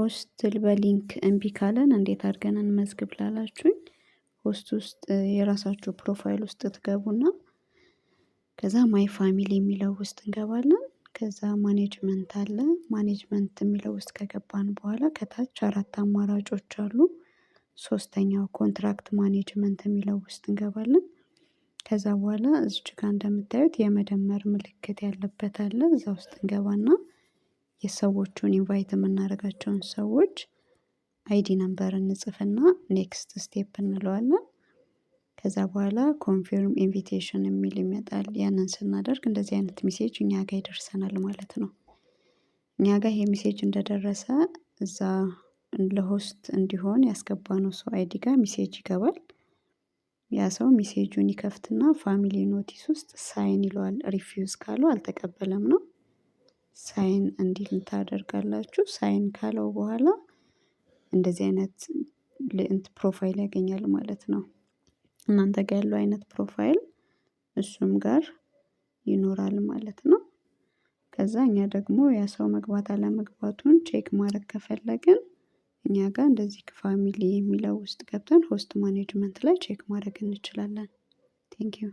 ሆስትል በሊንክ እምቢ ካለን እንዴት አድርገን እንመዝግብ ላላችሁኝ ሆስት ውስጥ የራሳችሁ ፕሮፋይል ውስጥ ትገቡና ከዛ ማይ ፋሚሊ የሚለው ውስጥ እንገባለን። ከዛ ማኔጅመንት አለ። ማኔጅመንት የሚለው ውስጥ ከገባን በኋላ ከታች አራት አማራጮች አሉ። ሶስተኛው ኮንትራክት ማኔጅመንት የሚለው ውስጥ እንገባለን። ከዛ በኋላ እዚች ጋር እንደምታዩት የመደመር ምልክት ያለበት አለ። እዛ ውስጥ እንገባና የሰዎቹን ኢንቫይት የምናደርጋቸውን ሰዎች አይዲ ነምበር እንጽፍና ኔክስት ስቴፕ እንለዋለን። ከዛ በኋላ ኮንፊርም ኢንቪቴሽን የሚል ይመጣል። ያንን ስናደርግ እንደዚህ አይነት ሜሴጅ እኛ ጋር ይደርሰናል ማለት ነው። እኛ ጋር ይሄ ሜሴጅ እንደደረሰ እዛ ለሆስት እንዲሆን ያስገባነው ሰው አይዲ ጋር ሜሴጅ ይገባል። ያ ሰው ሜሴጁን ይከፍትና ፋሚሊ ኖቲስ ውስጥ ሳይን ይለዋል። ሪፊውዝ ካለው አልተቀበለም ነው። ሳይን እንዲል ታደርጋላችሁ ሳይን ካለው በኋላ እንደዚህ አይነት ፕሮፋይል ያገኛል ማለት ነው። እናንተ ጋር ያለው አይነት ፕሮፋይል እሱም ጋር ይኖራል ማለት ነው። ከዛ እኛ ደግሞ ያ ሰው መግባት አለመግባቱን ቼክ ማድረግ ከፈለግን እኛ ጋር እንደዚህ ፋሚሊ የሚለው ውስጥ ገብተን ሆስት ማኔጅመንት ላይ ቼክ ማድረግ እንችላለን። ቴንኪው